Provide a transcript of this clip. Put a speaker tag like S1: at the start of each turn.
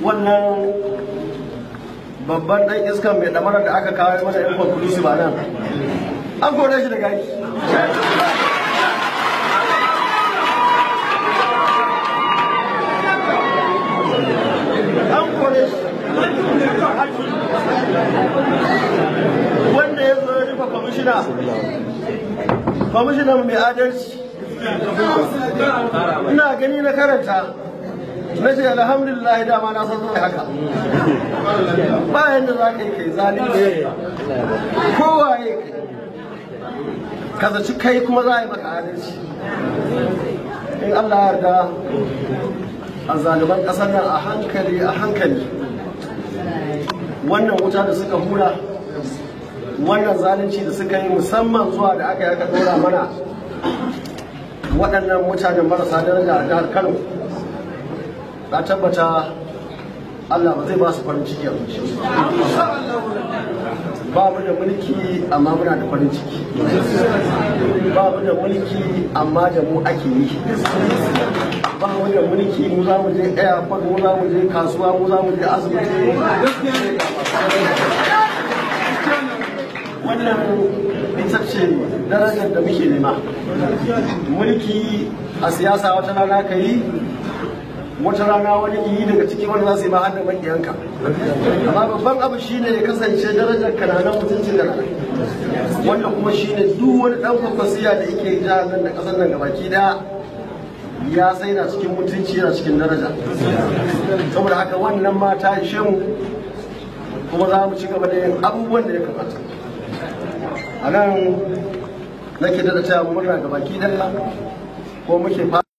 S1: wannan babban dan iskan mai damarar da aka kawo masa yan kwakulusi ba nan an kore shi daga aiki an kore shi wanda ya zo ya rufe kwamishina kwamishina mai adalci ina gani na karanta na ce alhamdulillah dama na san zuwa haka ba yadda za ka yi kai zalunci kowaye ka zaci kai kuma za a yi maka adalci in Allah ya yarda a zaliman ƙasar nan a hankali a hankali wannan wuta da suka hura wannan zalunci da suka yi musamman zuwa da aka yi aka ɗora mana waɗannan mutanen marasa daraja a jihar Kano na tabbata Allah ba zai ba su farin ciki a ba mu da mulki amma muna da farin ciki ba mu da mulki amma da mu ake yi ba mu da mulki mu za mu je airport mu za mu je kasuwa mu za mu je asibiti wannan ita ce darajar da muke nema mulki a siyasa wata rana ka yi wata rana wani yi daga cikin wani za su yi ma har da maƙiyanka amma babban abu shine ya kasance darajar ka na mutuncin da wanda kuma shine duk wani ɗan kwakwasiya da yake jihar nan da ƙasar nan gabaki daya ya sai na cikin mutunci yana cikin daraja saboda haka wannan mata ishe mu kuma za mu ci gaba da yin abubuwan da ya kamata a nan nake da ta murna ga baki dalla ko muke